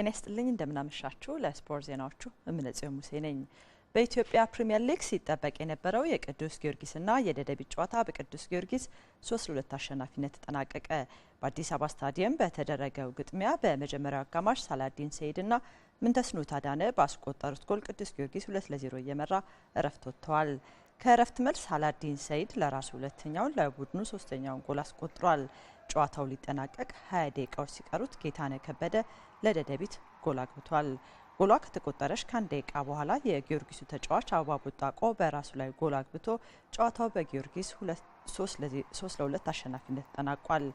ጤና ይስጥልኝ እንደምናመሻችሁ። ለስፖርት ዜናዎቹ እምነጽዮን ሙሴ ነኝ። በኢትዮጵያ ፕሪምየር ሊግ ሲጠበቅ የነበረው የቅዱስ ጊዮርጊስና የደደቢት ጨዋታ በቅዱስ ጊዮርጊስ ሶስት 2 አሸናፊነት ተጠናቀቀ። በአዲስ አበባ ስታዲየም በተደረገው ግጥሚያ በመጀመሪያው አጋማሽ ሳላዲን ሰይድና ምንተስኖት አዳነ ባስቆጠሩት ጎል ቅዱስ ጊዮርጊስ ሁለት 0 እየመራ እረፍት ወጥተዋል። ከእረፍት መልስ አላዲን ሰይድ ለራሱ ሁለተኛውን ለቡድኑ ሶስተኛውን ጎል አስቆጥሯል። ጨዋታው ሊጠናቀቅ 20 ደቂቃዎች ሲቀሩት ጌታነ ከበደ ለደደቢት ጎል አግብቷል። ጎሏ ከተቆጠረች ከአንድ ደቂቃ በኋላ የጊዮርጊሱ ተጫዋች አበባ ቦጣቆ በራሱ ላይ ጎል አግብቶ ጨዋታው በጊዮርጊስ 3 ለሁለት አሸናፊነት ተጠናቋል።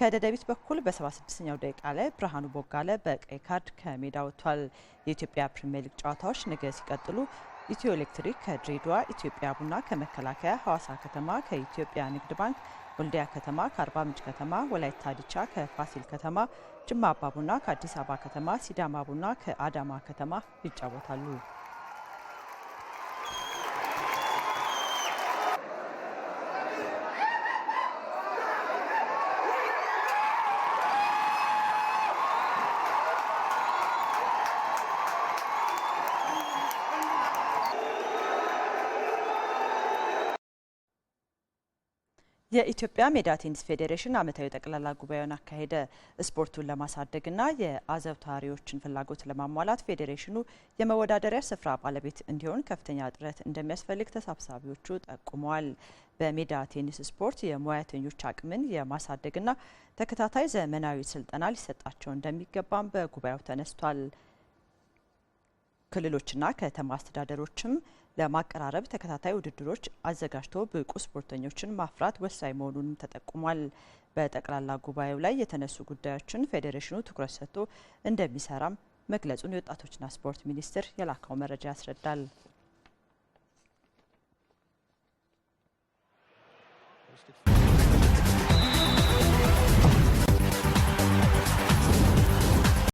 ከደደቢት በኩል በ76ኛው ደቂቃ ላይ ብርሃኑ ቦጋለ በቀይ ካርድ ከሜዳ ወጥቷል። የኢትዮጵያ ፕሪምየር ሊግ ጨዋታዎች ነገ ሲቀጥሉ ኢትዮ ኤሌክትሪክ ከድሬዳዋ፣ ኢትዮጵያ ቡና ከመከላከያ፣ ሐዋሳ ከተማ ከኢትዮጵያ ንግድ ባንክ፣ ወልዲያ ከተማ ከአርባ ምንጭ ከተማ፣ ወላይታ ዲቻ ከፋሲል ከተማ፣ ጅማ አባ ቡና ከአዲስ አበባ ከተማ፣ ሲዳማ ቡና ከአዳማ ከተማ ይጫወታሉ። የኢትዮጵያ ሜዳ ቴኒስ ፌዴሬሽን ዓመታዊ ጠቅላላ ጉባኤውን አካሄደ። ስፖርቱን ለማሳደግና የአዘውታሪዎችን ፍላጎት ለማሟላት ፌዴሬሽኑ የመወዳደሪያ ስፍራ ባለቤት እንዲሆን ከፍተኛ ጥረት እንደሚያስፈልግ ተሰብሳቢዎቹ ጠቁመዋል። በሜዳ ቴኒስ ስፖርት የሙያተኞች አቅምን የማሳደግና ተከታታይ ዘመናዊ ስልጠና ሊሰጣቸው እንደሚገባም በጉባኤው ተነስቷል። ክልሎችና ከተማ አስተዳደሮችም ለማቀራረብ ተከታታይ ውድድሮች አዘጋጅቶ ብቁ ስፖርተኞችን ማፍራት ወሳኝ መሆኑንም ተጠቁሟል። በጠቅላላ ጉባኤው ላይ የተነሱ ጉዳዮችን ፌዴሬሽኑ ትኩረት ሰጥቶ እንደሚሰራም መግለጹን የወጣቶችና ስፖርት ሚኒስቴር የላካው መረጃ ያስረዳል። Thank you.